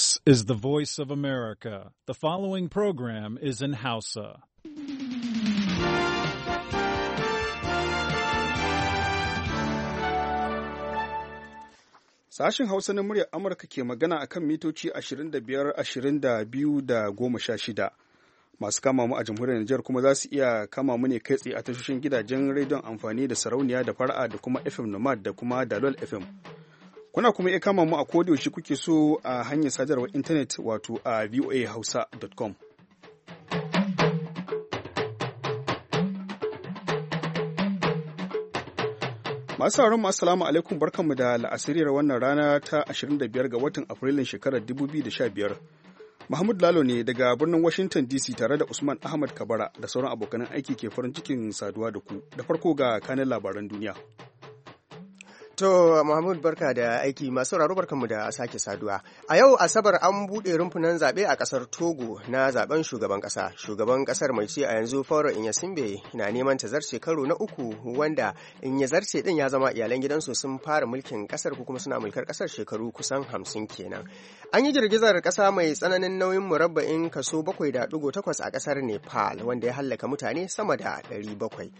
This is the voice of America. The following program is in Hausa. Sashen Hausa na muryar Amurka ke magana a kan mitoci 25-22 da 16. Masu kama mu a jamhuriyar Nijar kuma za su iya kama mu ne kai tsaye a tashoshin gidajen rediyon amfani da sarauniya da fara'a da kuma FM Nomad da kuma Dalol FM. Kuna kuma iya kama mu a yaushe kuke so a hanyar sadarwar intanet wato a voahausa.com. Masu sauraron salamu alaikum barkanmu da la'asiriyar wannan rana ta 25 ga watan Afrilun shekarar 2015. Mahmud Lalo ne daga birnin Washington DC tare da Usman Ahmad Kabara da sauran abokanan aiki ke farin cikin saduwa da ku. Da farko ga kanin labaran duniya. To Mahmud barka da aiki masu raro barkanmu da sake saduwa. A yau Asabar an buɗe rumfunan zaɓe a ƙasar Togo na zaɓen shugaban ƙasa. Shugaban ƙasar mai ci a yanzu Fauro Inyasimbe na neman ta zarce karo na uku wanda in ya zarce ɗin ya zama iyalan gidansu sun fara mulkin ƙasar ko kuma suna mulkar ƙasar shekaru kusan hamsin kenan. An yi girgizar ƙasa mai tsananin nauyin murabba'in kaso bakwai da ɗigo takwas a ƙasar Nepal wanda ya hallaka mutane sama da ɗari bakwai.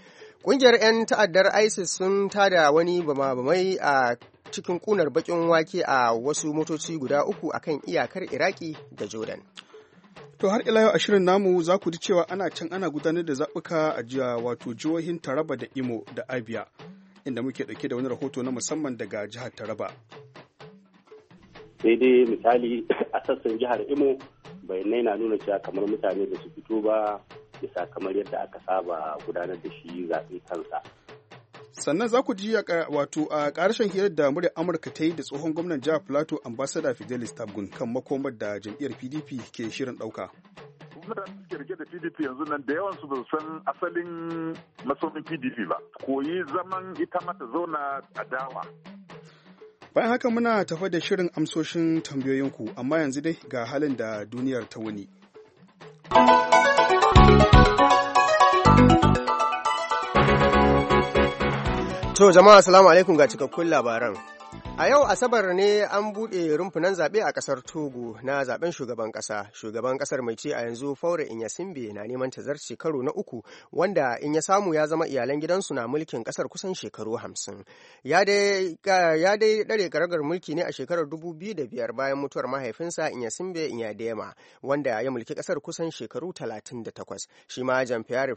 Ƙungiyar 'yan ta'addar ISIS sun tada wani bama a cikin kunar bakin wake a wasu motoci guda uku a kan iyakar Iraki da Jordan. To har ila yau ashirin namu za ku ji cewa ana can ana gudanar da zabuka a jiya wato jihohin Taraba da Imo da Abia inda muke ɗauke da wani rahoto na musamman daga jihar Taraba. Sai dai misali a sassan jihar Imo bayanai na nuna cewa kamar mutane da su fito ba bisa kamar yadda aka saba gudanar da shi zaɓe kansa. sannan za ku ji wato a ƙarshen hirar da muryar amurka ta yi da tsohon gwamnan jihar plateau ambassador fidelis tabgun kan makomar da jam'iyyar pdp ke shirin ɗauka. gwamnati suke da pdp yanzu nan da yawansu ba san asalin masomin pdp ba koyi zaman ita mata zauna a dawa bayan haka muna tafa da shirin amsoshin tambayoyinku amma yanzu dai ga halin da duniyar ta wuni. To jama'a salamu alaikum ga cikakkun labaran. A yau Asabar ne an buɗe rumfunan zaɓe a ƙasar Togo na zaɓen shugaban ƙasa. Shugaban ƙasar mai ce a yanzu Faure Inyasimbe na neman ta zarce karo na uku wanda in ya samu ya zama iyalan gidansu na mulkin ƙasar kusan shekaru hamsin. Ya dai ɗare ƙarar mulki ne a shekarar dubu biyu da biyar bayan mutuwar mahaifinsa Inyasimbe Inyadema wanda ya mulki ƙasar kusan shekaru talatin da takwas. Shi ma Jan Pierre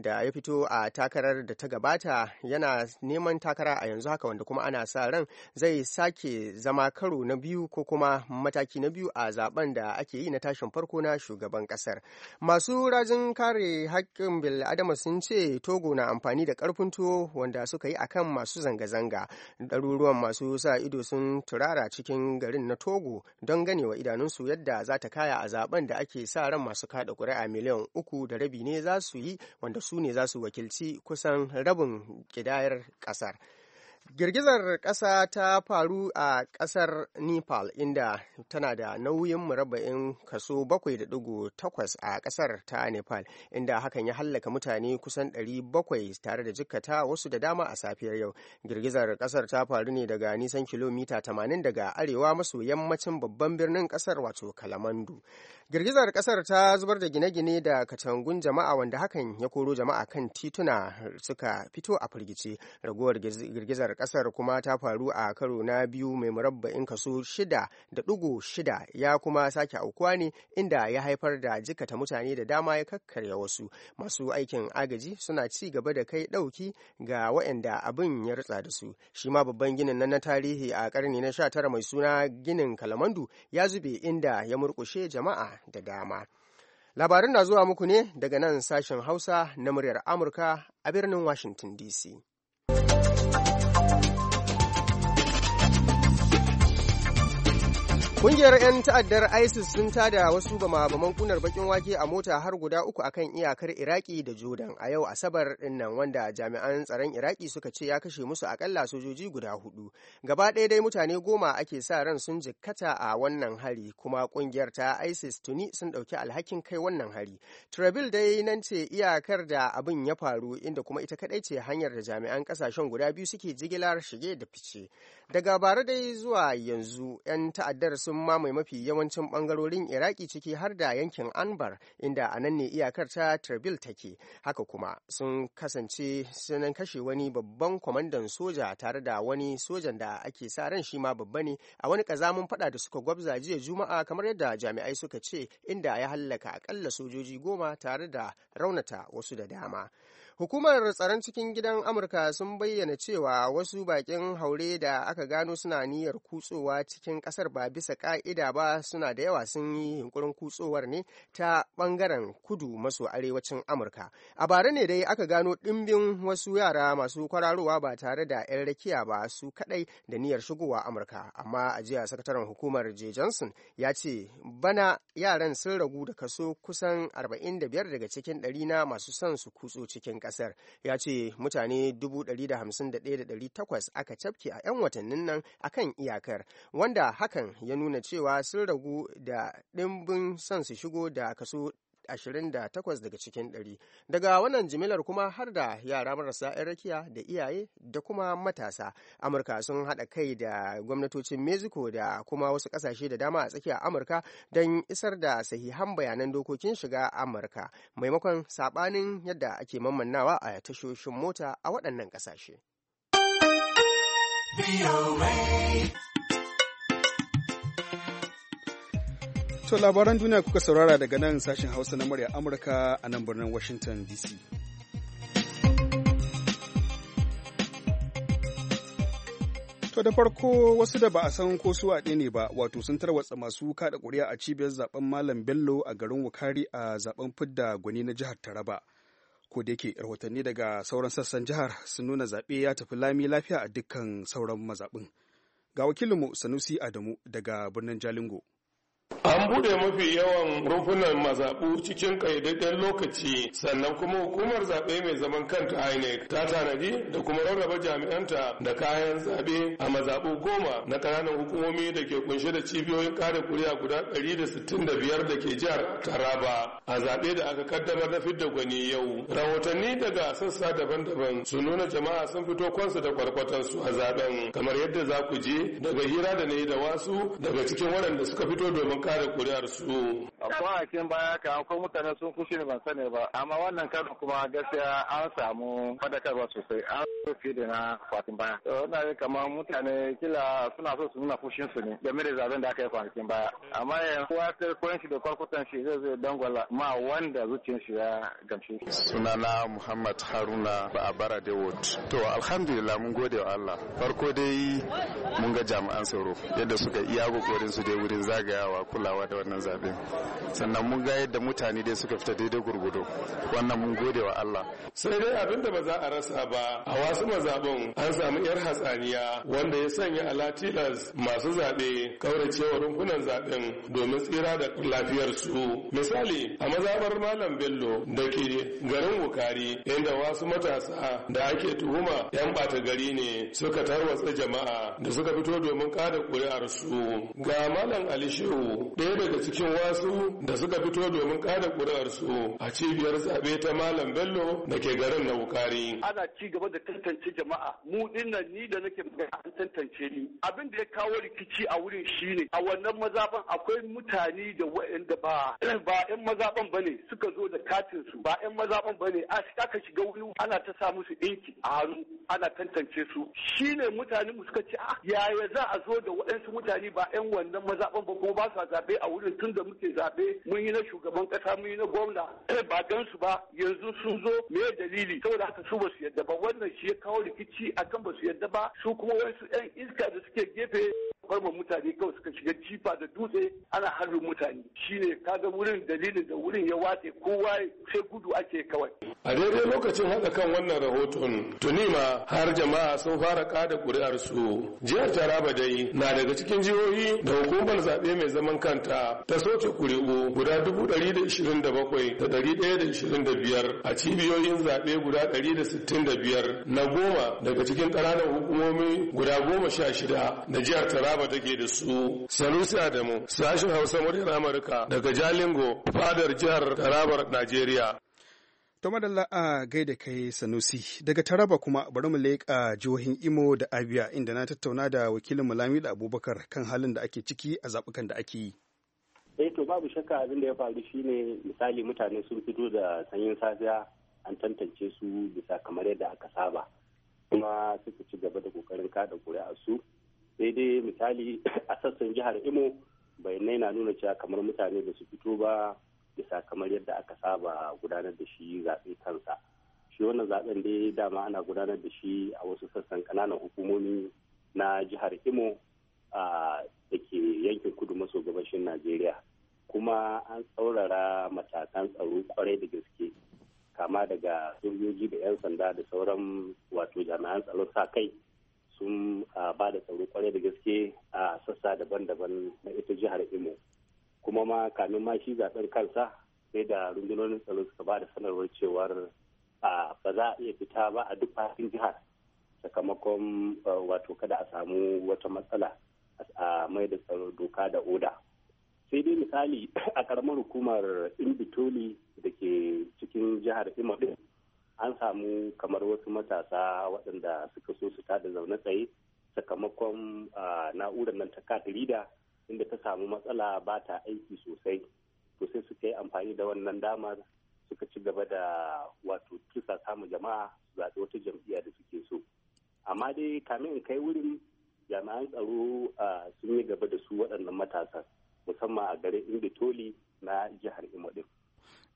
da ya fito a takarar da ta gabata yana neman takara a yanzu haka wanda kuma ana sa ran zai zai sake zama karo na biyu ko kuma mataki na biyu a zaben da ake yi na tashin farko na shugaban kasar masu rajin kare haƙƙin bil'adama sun ce togo na amfani da ƙarfin tuwo wanda suka yi akan masu zanga-zanga ɗaruruwan masu sa ido sun turara cikin garin na togo don ganewa idanunsu yadda za ta kaya a zaben da ake sa ran masu kaɗa ƙuri'a miliyan uku da rabi ne za su yi wanda su ne za su wakilci kusan rabin ƙidayar ƙasar. Girgizar ƙasa ta faru a ƙasar Nepal inda tana da nauyin murabba'in kaso 7.8 a ƙasar ta Nepal inda hakan ya hallaka mutane kusan 700 tare da jikkata wasu da dama a safiyar yau. Girgizar ƙasar ta faru ne daga nisan kilomita 80 daga arewa maso yammacin babban birnin ƙasar wato Kalamandu. Girgizar ƙasar ta zubar da gine-gine da katangun jama'a wanda hakan ya koro jama'a kan tituna suka fito a firgice. Raguwar girgizar kasar kuma ta faru a karo na biyu mai murabba'in kaso shida da ɗugu shida ya kuma sake aukuwa ne inda ya haifar da jikata mutane da dama ya kakkarya wasu masu aikin agaji suna ci gaba da kai ɗauki ga waɗanda abin ya ritsa da su shi ma babban ginin nan na tarihi a karni na sha tara mai suna ginin kalamandu ya zube inda ya murƙushe jama'a da dama labarin na zuwa muku ne daga nan sashen hausa na muryar amurka a birnin washington dc Kungiyar 'yan ta'addar ISIS sun tada wasu gama-gaman kunar bakin wake a mota har guda uku a kan iyakar Iraki da Jordan a yau Asabar dinnan wanda jami'an tsaron Iraki suka ce ya kashe musu akalla sojoji guda hudu. Gaba ɗaya dai mutane goma ake sa ran sun jikkata a wannan hari kuma kungiyar ta ISIS tuni sun ɗauki alhakin kai wannan hari. Trabil dai nan ce iyakar da abin ya faru inda kuma ita kaɗai ce hanyar da jami'an ƙasashen guda biyu suke jigilar shige da fice. Daga bara dai zuwa yanzu 'yan ta'addar sun sun mamaye mafi yawancin bangarorin iraki ciki har da yankin anbar inda a nan ne iyakar ta tarbil take haka kuma sun kasance sunan kashe wani babban kwamandan soja tare da wani sojan da ake sa ran shi ma babba ne a wani kazamin fada da suka gwabza jiya juma'a kamar yadda jami'ai suka ce inda ya hallaka akalla sojoji goma tare da raunata wasu da dama Hukumar tsaron cikin gidan Amurka sun bayyana cewa wasu bakin haure da aka gano suna niyyar kutsowa cikin kasar ba bisa ka'ida ba suna da yawa sun yi yunkurin kutsowar ne ta bangaren kudu maso arewacin Amurka. A bara ne dai aka gano ɗimbin wasu yara masu kwararowa ba tare da 'yan rakiya ba su kadai da niyyar shigowa Amurka. Amma a jiya sakataren hukumar J. Johnson ya ce bana yaran sun ragu da kaso kusan biyar daga cikin ɗari na masu son su kutso cikin ƙasa. kasar ya ce mutane 151,800 aka cafke a 'yan watannin nan a kan iyakar wanda hakan ya nuna cewa sun ragu da ɗimbin son su shigo da kaso 28 daga cikin ɗari daga wannan jimilar kuma har da yara marasa 'yan rakiya da iyaye da kuma matasa amurka sun haɗa kai da gwamnatocin mexico da kuma wasu ƙasashe da dama a tsakiyar amurka don isar da sahihan bayanan dokokin shiga amurka maimakon saɓanin yadda ake mamannawa a tashoshin mota a waɗannan ƙasashe. To labaran duniya kuka saurara daga nan sashen Hausa na murya Amurka a nan birnin Washington DC. To da farko wasu da ba a san ko su waɗe ne ba wato sun tarwatsa masu kada kuri'a a cibiyar zaben Malam Bello a garin Wukari a zaben fidda gwani na jihar Taraba. Ko da yake rahotanni daga sauran sassan jihar sun nuna zaɓe ya tafi lami lafiya a dukkan sauran mazaɓin. Ga wakilinmu Sanusi Adamu daga birnin Jalingo. An bude mafi yawan rufunan mazaɓu cikin ƙayyadadden lokaci sannan kuma hukumar zaɓe mai zaman kanta INEC ta tanadi da kuma rarraba jami'anta da kayan zaɓe a mazaɓu goma na ƙananan hukumomi da ke kunshe da cibiyoyin kare kuri'a guda ɗari da sittin da biyar da ke jihar Taraba a zaɓe da aka kaddamar na fidda gwani yau. Rahotanni daga sassa daban-daban su nuna jama'a sun fito kwansu da su a zaɓen kamar yadda za ku je daga hira da na yi da wasu daga cikin waɗanda suka fito domin kare kare kuri'ar su. Akwai a cikin baya ka akwai mutane sun kushe ne ban sani ba amma wannan karin kuma gaskiya an samu fadakarwa sosai an so fi da na kwatin baya. Eh, ina ne kamar mutane kila suna so su nuna fushin su ne game da zaben da aka yi kwanakin baya amma yanzu kowa ta koyan shi da kwarkwatan shi zai zai dangwala ma wanda zuciyar shi ya gamshe shi. Sunana Muhammad Haruna Ba'abara Dawud. To alhamdulillah mun gode wa Allah. Farko dai mun ga jami'an tsaro yadda suka iya kokarin su dai wurin zagayawa kula kulawa da wannan zaɓe sannan mun ga yadda mutane dai suka fita daidai gurgudo wannan mun gode wa Allah sai dai abin da ba za a rasa ba a wasu mazaɓin an samu yar hatsaniya wanda ya sanya alatilas masu zaɓe kauracewa rumfunan zaɓen domin tsira da lafiyarsu misali a mazaɓar malam bello da ke garin wukari inda wasu matasa da ake tuhuma yan ɓata gari ne suka tarwatsa jama'a da suka fito domin kada ƙuri'arsu ga malam alishehu ɗaya daga cikin wasu da suka fito domin kada su a cibiyar zaɓe ta Malam Bello da ke garin na Wukari. Ana ci gaba da tantance jama'a mu dinnan ni da nake magana an tantance ni. Abin da ya kawo rikici a wurin shine a wannan mazaban akwai mutane da waɗanda ba ba yan mazaban bane suka zo da katin su ba yan mazaban bane a aka shiga wuri ana ta sa musu ɗinki a hannu ana tantance su shine mutane mu suka ce a ah, yaya za a zo da waɗansu mutane ba yan wannan mazaban ba kuma ba su zaɓe a wurin tun da muke zaɓe mun yi na shugaban ƙasa mun yi na gwamna ba gan su ba yanzu sun zo meye dalili saboda haka su ba su yadda ba wannan shi ya kawo rikici akan ba su yadda ba su kuma wasu 'yan iska da suke gefe kwarma mutane kawai suka shiga jifa da dutse ana hannu mutane shine kaga wurin dalilin da wurin ya wace kowa sai gudu ake kawai a daidai lokacin haɗa kan wannan rahoton tuni ma har jama'a sun fara kada kuri'ar su jihar taraba dai na daga cikin jihohi da hukumar zaɓe mai zaman kanta ta soke kuri'u guda dubu ɗari da ishirin da bakwai da ɗari ɗaya da ishirin da biyar a cibiyoyin zaɓe guda ɗari da sittin da biyar na goma daga cikin ƙananan hukumomi guda goma sha shida na jihar taraba taraba take da su sanusi adamu sashen hausa muryar amurka daga jalingo fadar jihar tarabar najeriya To madalla a gaida kai Sanusi daga Taraba kuma bari mu leƙa jihohin Imo da Abia inda na tattauna da wakilin Mulami da Abubakar kan halin da ake ciki a zaɓukan da ake yi. Eh to babu shakka abin da ya faru shine misali mutane sun fito da sanyin safiya an tantance su bisa kamar yadda aka saba kuma suka ci gaba da kokarin kada kuri'a su sai dai misali a sassan jihar imo bayanai na nuna cewa kamar mutane da su fito ba bisa kamar yadda aka saba gudanar da shi zaɓe kansa shi wannan zaɓen dai dama ana gudanar da shi a wasu sassan ƙananan hukumomi na jihar imo da ke yankin kudu maso gabashin najeriya kuma an tsaurara matakan tsaro kwarai da gaske kama daga sojoji da 'yan sanda da sauran wato jami'an tsaro sa kai sun ah, ba da tsaro kwarai da gaske a sassa daban-daban na ita jihar imo kuma ma kamin ma shi zaɓen kansa sai da rundunonin tsaro suka ba da sanarwar cewar ah, ba za a iya fita ba a duk fasin jihar sakamakon ah, wato kada a samu wata matsala a mai da tsaro doka da oda sai dai misali a karamar hukumar imbitoli da ke cikin jihar imo din an samu kamar wasu matasa waɗanda suka so su tada zaune tsaye sakamakon na'urar nan ta katirida inda ta samu matsala ba ta aiki sosai to sai suka yi amfani da wannan damar suka ci gaba da wato kisa samu jama'a zaɓi wata jam'iyya da suke so amma dai kamin in kai wurin jami'an tsaro sun yi gaba da su waɗannan matasa musamman a garin toli na jihar imo din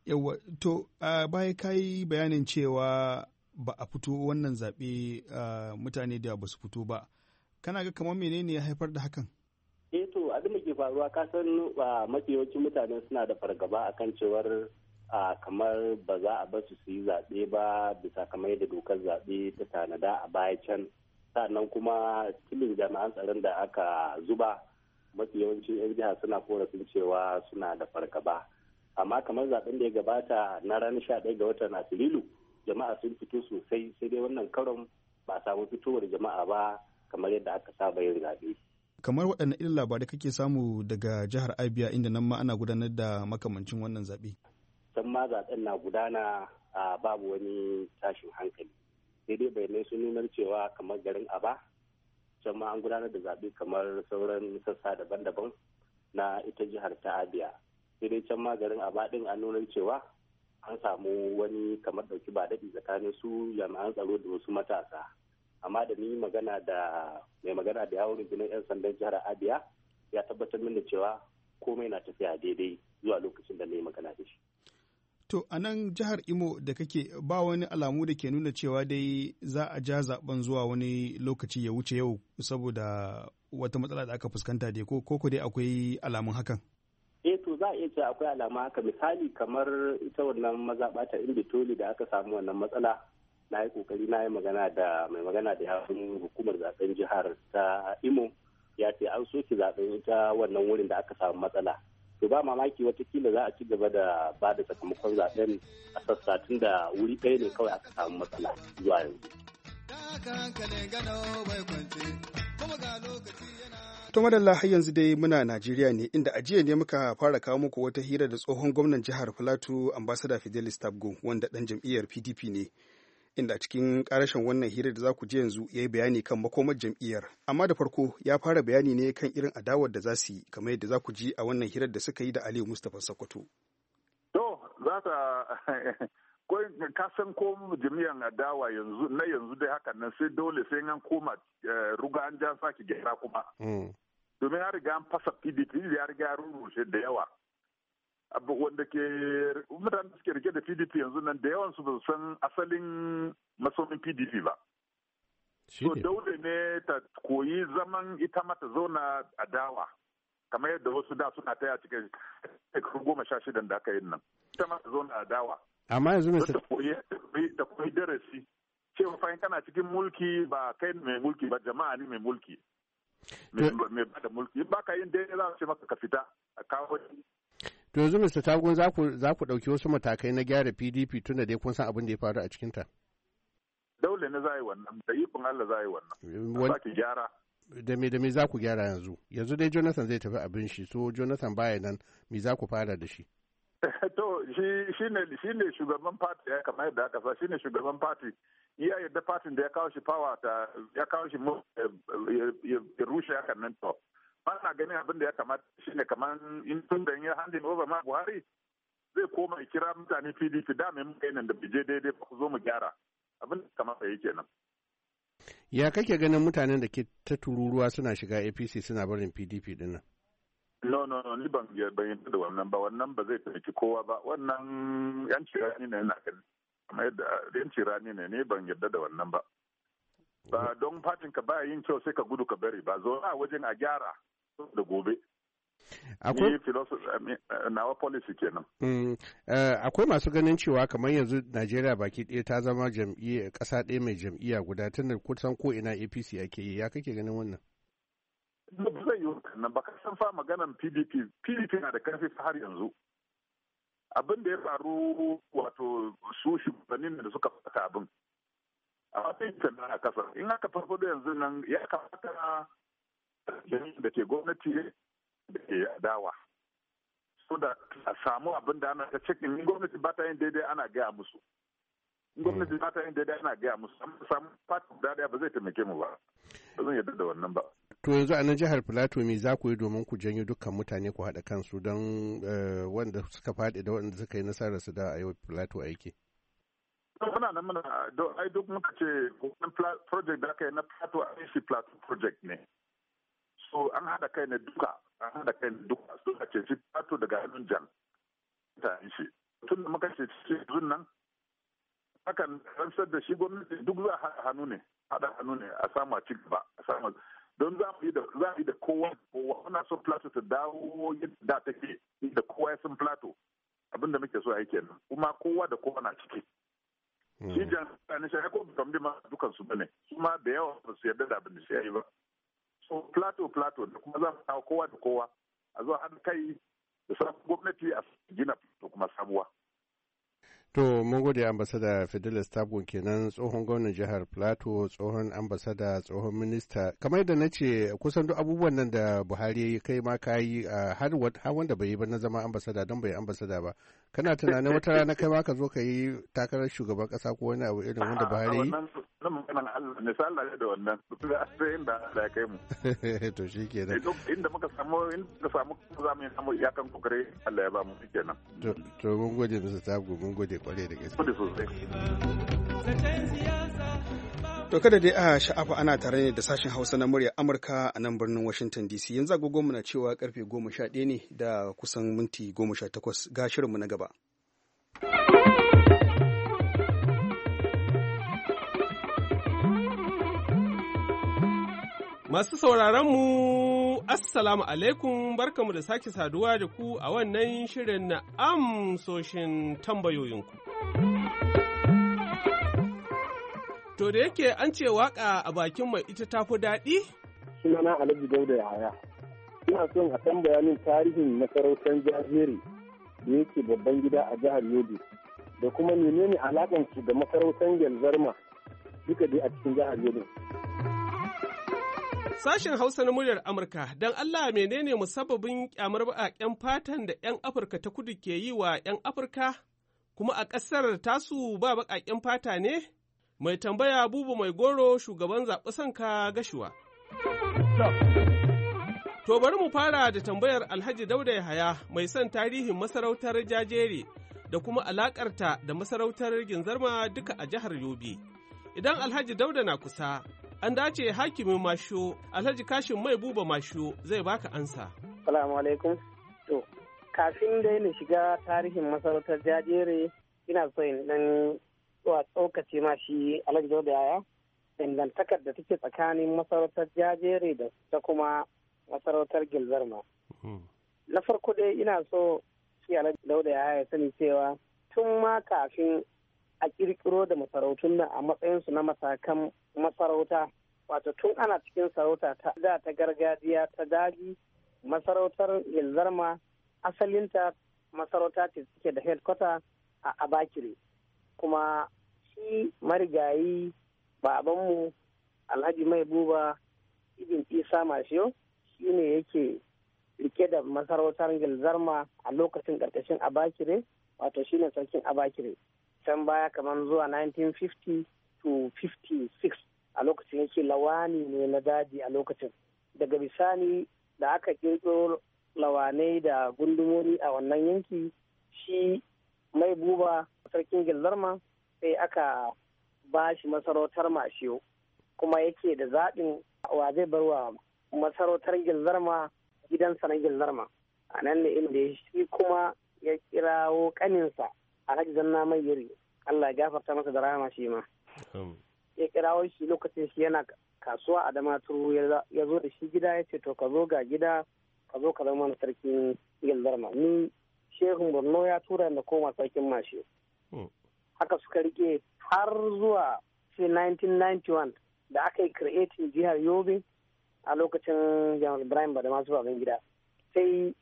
Yawa, to baya ka bayanin cewa ba a fito wannan zaɓe uh, mutane da ba su fito ba. Kana ga kamar menene ya haifar da hakan? Eh to abin da ke faruwa ka san mafi yawancin mutane suna da fargaba akan cewar kamar ba za a basu su yi zaɓe ba bisa kamar da dokar zaɓe ta tanada a baya can. sannan kuma filin jami'an tsaron da aka zuba mafi yawancin 'yan jiha suna korafin cewa suna da fargaba amma kamar zaben da ya gabata na ranar sha ɗaya ga watan afrilu jama'a sun fito sosai sai dai wannan karon ba a samu fitowar jama'a ba kamar yadda aka saba yin zaɓe. kamar waɗanne irin labarai kake samu daga jihar abia inda nan ma ana gudanar da makamancin wannan zaɓe. can ma zaɓen na gudana a babu wani tashin hankali sai dai bayanai sun nunar cewa kamar garin aba can ma an gudanar da zaɓe kamar sauran sassa daban-daban na ita jihar ta abia sai dai can magarin a baɗin a nuna cewa an samu wani kamar ɗauki ba daɗi tsakanin su jami'an tsaro da wasu matasa amma da ni magana da mai magana da yawon rundunar 'yan sandan jihar abia ya tabbatar min cewa komai na tafiya daidai zuwa lokacin da na yi magana da shi To a nan jihar Imo da kake ba wani alamu da ke nuna cewa dai za a ja zaben zuwa wani lokaci ya wuce yau saboda wata matsala da aka fuskanta dai ko ko dai akwai alamun hakan? eh to za a iya cewa akwai alama haka misali kamar ita wannan mazaɓa ta inditoli da aka samu wannan matsala na yi kokari na yi magana da mai magana da yawon hukumar zaben jihar ta imo ya ce an soke zaben ita wannan wurin da aka samu matsala to ba mamaki watakila za a ci gaba da ba da sakamakon zaben a sassa tun da wuri ɗaya ne kawai aka samu matsala zuwa yanzu. To madalla har yanzu dai muna Najeriya ne inda a jiya ne muka fara kawo muku wata hira da tsohon gwamnan jihar Filato ambassador Fidelis Tabgo wanda dan jam'iyyar PDP ne. Inda a cikin karashin wannan hira da za ku ji yanzu ya yi bayani kan makomar jam'iyyar. Amma da farko ya fara bayani ne kan irin adawar da za su yi kamar yadda za ku ji a wannan hirar da suka yi da Aliyu Mustapha Sokoto. To za ta ka san ko jami'an adawa yanzu na yanzu dai hakan nan sai dole sai an koma eh, ruga an ja sake gyara kuma. Mm. domin ya riga an fasa pdp ya riga ya rurrushe da yawa wanda ke mutanen da suke rike da pdp yanzu nan da yawansu ba su san asalin masomin pdp ba so dole ne ta koyi zaman ita mata zauna a dawa kamar yadda wasu da suna taya cikin shekaru goma sha shida da aka yi nan ita mata zauna a dawa amma yanzu ne ta koyi darasi cewa fahimta kana cikin mulki ba kai mai mulki ba jama'a ne mai mulki mai ba da mulki Ba ka yin daidai za a ce maka ka fita a kawo to yanzu Mr. Tagun za ku ɗauki dauki wasu matakai na gyara PDP tunda dai kun san abin da ya faru a cikinta? ta dole ne za a yi wannan da ikon Allah za a yi wannan za ki gyara da me da me za ku gyara yanzu yanzu dai Jonathan zai tafi abin shi so Jonathan baya nan me za ku fara da shi to shi ne shugaban party ya kamar yadda aka sa shine shugaban party iya yadda fatin da ya kawo shi fawa ta ya kawo shi ya rushe hakan nan to ba na ganin abin da ya kamata shine kamar in tun da ya handin over ma Buhari zai koma kira mutane PDP da mai muka da bije daidai ba ku zo mu gyara abin da kamata yake nan ya kake ganin mutanen da ke ta tururuwa suna shiga APC suna barin PDP nan. no no no ni ban yi da wannan ba wannan ba zai taimaki kowa ba wannan yan cira ne na ganin kamar yadda yanci rani ne ne ban yarda da wannan ba ba don fatin ka baya yin kyau sai ka gudu ka bari ba zo a wajen a gyara da gobe akwai nawa policy kenan mm, eh, akwai masu ganin cewa kamar yanzu najeriya baki ɗaya ta zama jam'iyya ƙasa ɗaya mai jam'iyya guda tun da kusan ko ina apc ake yi ya kake ganin wannan zai yi wannan ba ka san fa maganan pdp pdp na da karfi har yanzu abin da ya faru wato su shugabannin da suka fata abin a matsayin na a kasar in aka farfado yanzu nan ya kamata da ke gwamnati da ke adawa so da a samu abin da ana ta cikin in gwamnati ba ta yin daidai ana gaya musu in gwamnati ba ta yin daidai ana gaya musu samu fata da ba zai taimake mu ba ba zan yarda da wannan ba to yanzu a nan jihar plateau me za ku yi domin ku janyo dukkan mutane ku haɗa kansu don eh, wanda suka faɗi da wanda suka yi nasarar su da a yau plateau aiki muna nan muna ai duk muka ce wannan project da aka yi na plateau a shi plateau project ne so an haɗa kai ne duka an haɗa kai ne duka ka ce shi plateau daga hannun jan ta shi tun da muka ce shi nan hakan ransar da shi gwamnati duk za a hannu ne haɗa hannu ne a sama cik gaba a sama don za mu yi da za yi da kowa kowa muna son plato ta dawo yadda da take da kowa ya san plato abin da muke so a yi kenan kuma kowa da kowa na ciki mm. shi jami'an shi ko kamar ma dukan su bane kuma da yawa ba su yarda da abin da shi yayi ba so plato plato da kuma za mu kawo kowa da kowa a zo har kai da sa gwamnati a gina plato kuma sabuwa To, mun gode ambasada Fidelis Tabgun kenan tsohon gwamnan jihar Plateau, tsohon ambasada, tsohon minista. Kamar da na ce kusan duk abubuwan nan da Buhari ya kai ma ka yi har wanda bai yi ba na zama ambasada don bai ambasada ba. Kana tunanin wata rana kai ma ka zo ka yi takarar shugaban kasa ko wani abu irin wanda Buhari yi? misali ne da wannan sai inda Allah ya kai mu. To shi kenan. Inda muka samu inda muka samu za mu yi samu iyakan kokare Allah ya ba mu kenan. To mun gode Mr. Tabgun mun gode. kware da gaske. To kada dai a sha'afa ana tare ne da sashen Hausa na murya Amurka a nan birnin Washington DC. Yanzu agogonmu na cewa karfe 11 ne da kusan minti 18 ga shirinmu na gaba. Masu sauraronmu, Assalamu alaikum barkamu da sake saduwa da ku a wannan shirin na amsoshin tambayoyinku. To da yake an ce waka a bakin mai ita ta fi daɗi? Sunana Alhaji Dauda Yaya. Ina son a san bayanin tarihin masarautar jajere da yake babban gida a jihar Yobe da kuma menene alaƙansu da masarautar Gelzarma duka dai a cikin jihar Yobe. Sashen Hausa na muryar Amurka, don Allah menene musabbabin kyamar baƙaƙen fatan da 'yan Afirka ta kudu ke yi wa 'yan Afirka, kuma a ƙasar tasu ba baƙaƙen fata ne? Mai tambaya bubu mai goro shugaban zaɓi sanka gashuwa. To bari mu fara da tambayar Alhaji Dauda Yahaya mai son tarihin masarautar jajere da kuma alaƙarta da masarautar Ginzarma duka a jihar Yobe. Idan Alhaji Dauda na kusa, An dace hakimin masho Alhaji Kashin Mai Buba masho zai baka ansa. Salamu alaikum. To, kafin dai ni shiga tarihin masarautar jajere ina so in dan zuwa tsokace ma shi Alhaji da Yaya. Dangantakar da take tsakanin masarautar jajere da ta kuma masarautar Gilzarma. Hmm. Na farko dai ina so shi Alhaji da Yaya ya sani cewa tun ma kafin a kirkiro da masarautun nan a matsayinsu na masakan masarauta wato tun ana cikin sarauta ta da ta gargajiya ta daji masarautar ilzarma asalinta masarauta ce suke da headquarter a abakire kuma shi marigayi babanmu alhaji mai buba ibin isa mashiyo shi ne yake rike da masarautar gilzarma a lokacin ƙarƙashin abakire wato shi ne sarkin abakire can baya kamar zuwa 1950 to 56 a lokacin yake lawani ne na daji a lokacin daga bisani da aka kirkiro lawanai da gundumori a wannan yanki shi mai buba sarkin gilzarma sai aka ba shi masarautar mashiyo kuma yake da zaɓin wa zai bar wa masarautar gilzarma gidansa na gilzarma a nan ne inda shi kuma ya kirawo kaninsa alhaji zanna mai yiri allah ya gafarta masa da rahama shi ma ya kirawo shi lokacin shi yana kasuwa a damaturu ya zo da shi gida ya ce to ka zo ga gida ka zo ka zama mana sarkin gildarma ni shehun borno ya tura da koma sarkin mashi hmm. haka suka rike har zuwa 1991 da aka yi creating jihar yobe a lokacin jamal ibrahim ba da masu babin gida sai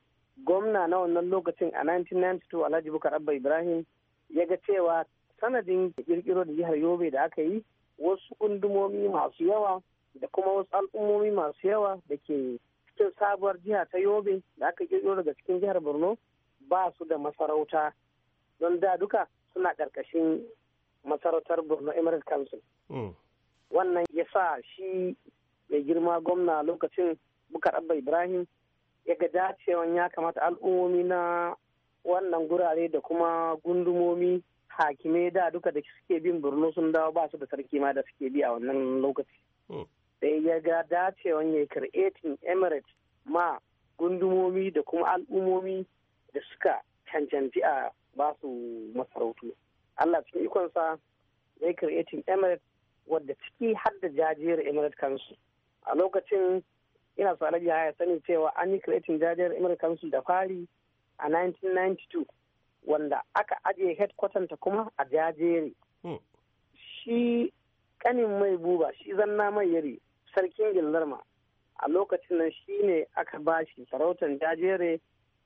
gwamna na wannan lokacin a 1992 alhaji bukar abba ibrahim ya ga cewa sanadin kirkiro da jihar yobe da aka yi wasu kundumomi masu yawa da kuma wasu al'ummomi masu yawa da ke cikin sabuwar jiha ta yobe da aka kirkiro daga cikin jihar borno ba su da masarauta don da duka suna ƙarƙashin masarautar borno emirate council hmm. wannan ya sa shi mai girma gwamna lokacin bukar abba ibrahim ya ga dacewan ya kamata al'ummomi na wannan gurare da kuma gundumomi hakime da duka da suke bin birni sun dawo ba su da sarki ma da suke bi a wannan lokaci oh. sai ya ga dacewan ya creating emirate ma gundumomi da kuma al'umomi da suka cancanci a ba su masarautu allah cikin ikonsa ya creating emirate wadda ciki har da jajiyar emirate kansu a lokacin ina sa ya sani cewa an yi creating jajiyar emirate kansu da fari a 1992 wanda aka ajiye headquarter ta kuma a jajere hmm. shi kanin mai buba shi zanna mai yari sarkin gillarma a lokacin nan shi ne aka ba shi sarautar jajere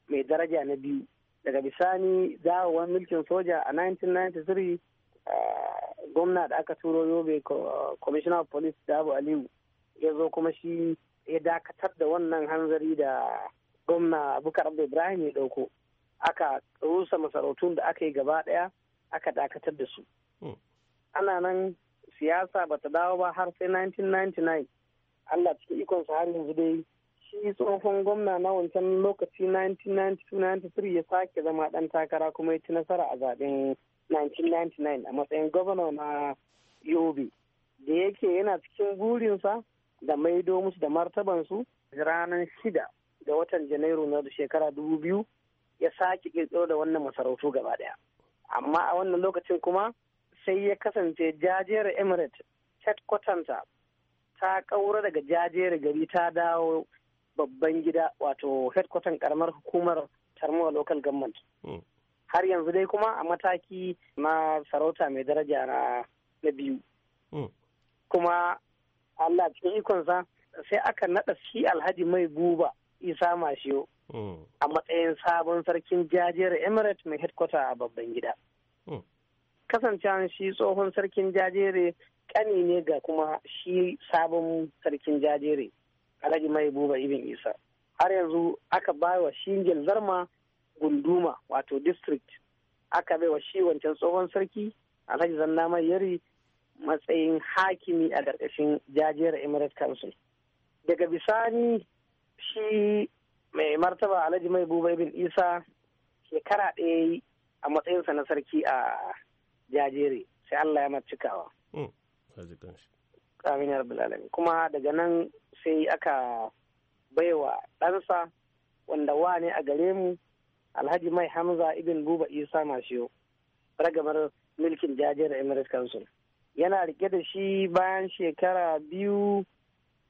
mai daraja na biyu daga bisani dawowar mulkin soja a 1993 eh, gwamna da aka turo yobe commissioner of police dabo aliyu ya zo kuma shi ya dakatar da wannan hanzari da gwamna bukar ibrahim ya dauko aka rusa masarautun da aka yi gaba daya aka dakatar da su hmm. ana nan siyasa ba ta dawo ba har sai 1999 allah cikin sa har yanzu dai shi tsohon gwamna na wancan lokaci 1992-93 ya sake zama dan takara kuma ya ci nasara a zaben 1999 a matsayin gwamna na yobe da yake yana cikin burinsa da maido musu da martabansu ranar shida da watan janairu na shekara dubu biyu ya sake kirkiro da wannan masarautu gaba daya amma a wannan lokacin kuma sai ya kasance jajiyar emirate kwatanta ta kaura daga jajiyar gari ta dawo babban gida wato headquarter karamar hukumar tarmuwa local government hmm. har yanzu dai kuma a mataki na sarauta mai daraja na biyu hmm. kuma allah cikin ikonsa sai aka naɗa shi alhaji mai guba. isa mashiyo mm. a matsayin sabon sarkin jajiyar emirates mai headquarter a babban gida mm. kasancewan shi tsohon sarkin jajere kani ne ga kuma shi sabon sarkin jajere alhaji mai buba ibn isa har yanzu aka bai wa shingil zarma gunduma wato district aka bai wa shi wancan tsohon sarki alhaji zanna mai yari matsayin hakimi a ƙarƙashin jajiyar emirate council daga bisani shi mai martaba alhaji mai buba bin isa shekara ɗaya a matsayinsa na sarki a jajere sai allah ya cikawa. Hmm. amin kuma daga nan sai aka baiwa ɗansa wanda wa ne a gare mu alhaji mai hamza ibn buba isa mashiyo ragamar milkin jajiyar emirates council yana rike da shi bayan shekara biyu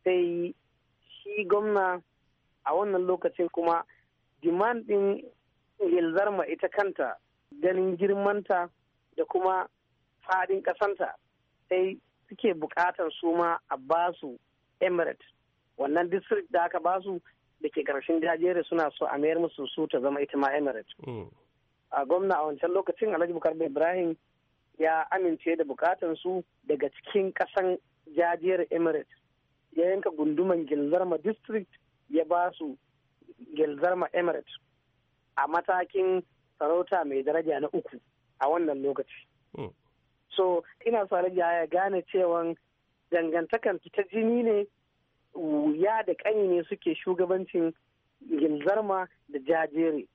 sai shi gwamna a wannan lokacin kuma demand ɗin yalzarma ita kanta ganin girmanta da kuma fadin kasanta sai suke buƙatar su ma a basu emirate wannan district da aka basu da ke ƙarshen jajere suna so a mayar musu su ta zama ita ma emirate mm. a gwamna a wancan lokacin alhaji bukar ibrahim ya amince da bukatan su daga cikin kasan jajiyar emirate ya yanka gunduman gilzarma district ya ba su gilzarma emirates a matakin sarauta mai daraja na uku a wannan lokaci hmm. so ina sa ya gane cewan dangantakan ta jini ne wuya da kanyi ne suke shugabancin gilzarma da jajere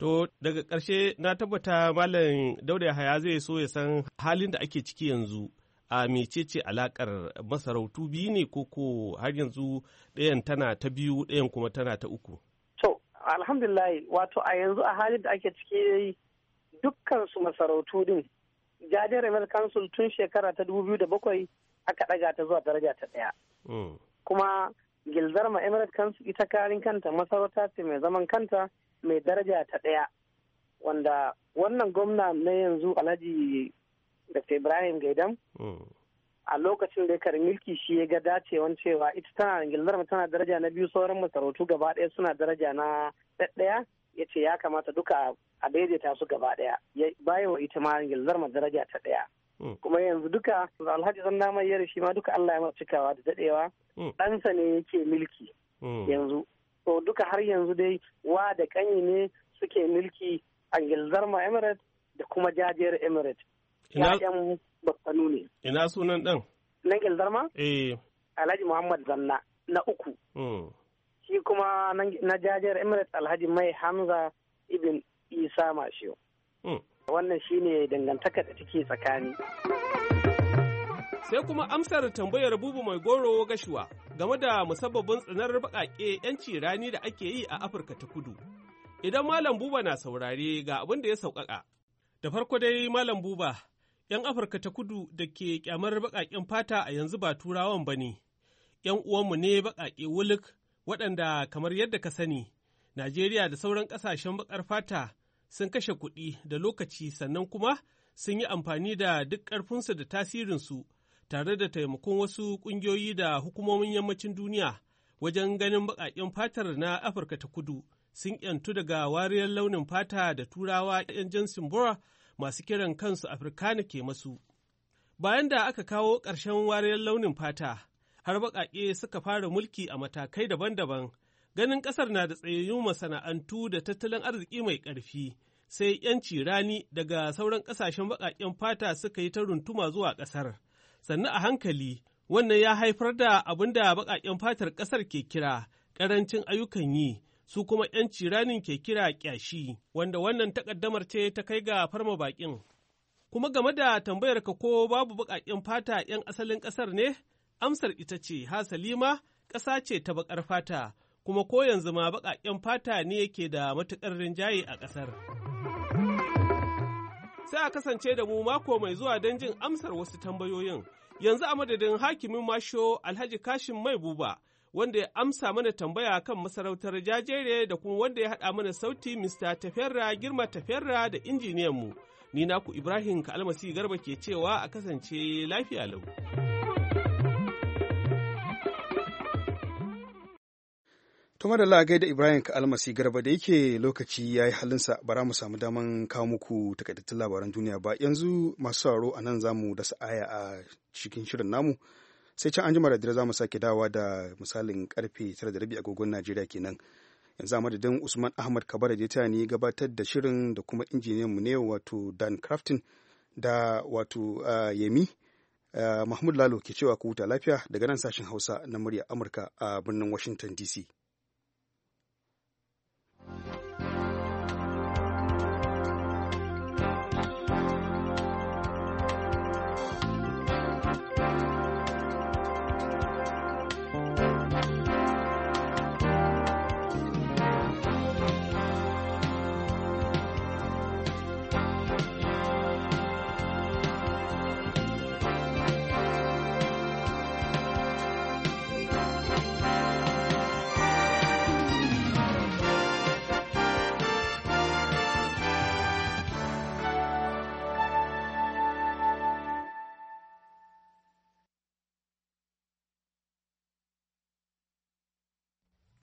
To daga ƙarshe na tabbata Malam Dauda Yahaya zai so ya san halin da ake ciki yanzu a mecece alakar masarautu biyu ne ko har yanzu ɗayan tana ta biyu ɗayan kuma tana ta uku to alhamdulillah wato a yanzu a halin da ake ciki dukkan su masarautu din jajen remer council tun shekara ta dubu biyu da bakwai aka ɗaga ta zuwa daraja ta ɗaya mm. kuma gildarma emirate council ita karin kanta masarauta ce mai zaman kanta mai daraja ta ɗaya wanda wannan gwamna na yanzu alhaji Dr. Ibrahim Gaidan. Hmm. A lokacin da ya karin mulki shi ya ga dacewan cewa ita tana Ingilterra tana daraja na biyu sauran masarautu gaba ɗaya suna daraja na ɗaya ya ce ya kamata duka a daidaita su gaba ɗaya bayan wa ita ma Ingilterra daraja ta ɗaya. Hmm. kuma yanzu duka alhaji zan nama yare shi ma duka Allah ya masa cikawa da daɗewa. Hmm. ɗansa ne yake milki yanzu to duka har yanzu dai wa da kanyi ne suke milki angilzarma Emirates da kuma jajiyar Emirates? Ya'yan babbanu ne. Ina sunan ɗan? Nan Ilzarma? Eh. Alhaji Muhammad Zanna na uku. Hmm. Shi kuma na jajiyar Emirates Alhaji Mai Hamza Ibn Isa Mashiyo. Hmm. Wannan shi ne dangantaka da take tsakani. Sai kuma amsar tambayar bubu mai goro gashuwa game da musabbabin tsanar baƙaƙe 'yanci rani da ake yi a Afirka ta kudu. Idan Malam Buba na saurare ga abin da ya sauƙaƙa. Da farko dai Malam Buba, ‘yan Afirka ta kudu da ke kyamar baƙaƙen fata a yanzu ba turawan ba ne, ‘yan uwanmu ne baƙaƙe wuluk waɗanda kamar yadda ka sani, Najeriya da sauran ƙasashen baƙar fata sun kashe kuɗi da lokaci sannan kuma sun yi amfani da duk ƙarfinsu da tasirinsu tare da taimakon wasu ƙungiyoyi da hukumomin yammacin duniya wajen ganin baƙaƙen fatar na Afirka ta kudu sun ‘yantu daga wariyar launin fata da turawa ‘yan jinsin Bora masu kiran kansu afirkana ke masu. Bayan da aka kawo ƙarshen wariyar launin fata, har baƙaƙe suka fara mulki a matakai daban-daban, ganin ƙasar na da tsayayyun masana'antu da tattalin arziki mai ƙarfi, sai 'yanci rani daga sauran ƙasashen baƙaƙen fata suka yi ta runtuma zuwa ƙasar. Sannan a hankali, wannan ya haifar da abin da baƙaƙen fatar ƙasar ke kira ƙarancin ayyukan yi su kuma 'yan ciranin ke kira ƙyashi, wanda wannan takaddamar ce ta kai ga farma baƙin. Kuma game da tambayar ka ko babu baƙaƙen fata 'yan asalin ƙasar ne, amsar ita ce, ha Salima, ƙasa ce ta baƙar fata, kuma ko yanzu ma baƙaƙen fata ne yake da matuƙar rinjaye a ƙasar. Sai a kasance da mu mako mai zuwa don jin amsar wasu tambayoyin. Yanzu a madadin hakimin masho Alhaji Kashin Mai Buba. wanda ya amsa mana tambaya kan masarautar jajere da kuma wanda ya haɗa mana sauti Mr. Tafera Girma Tafera da injiniyanmu. Ni naku Ibrahim Kalmasi Garba ke cewa a kasance lafiya lau. Tuma da lagai Ibrahim Almasi Garba da yake lokaci ya yi halinsa bara mu samu daman kawo muku takaitattun labaran duniya ba yanzu masu sauraro a nan za mu dasa aya a cikin shirin namu. sai can anjima da dare za mu sake dawa da misalin karfe da 9:30 agogon Najeriya kenan yanzu a madadin Usman Ahmad Kabara da ta ni gabatar da shirin da kuma injiniyan mu ne wato Dan Crafton da wato Yemi Mahmud Lalo ke cewa ku huta lafiya daga nan sashen Hausa na murya Amurka a birnin Washington DC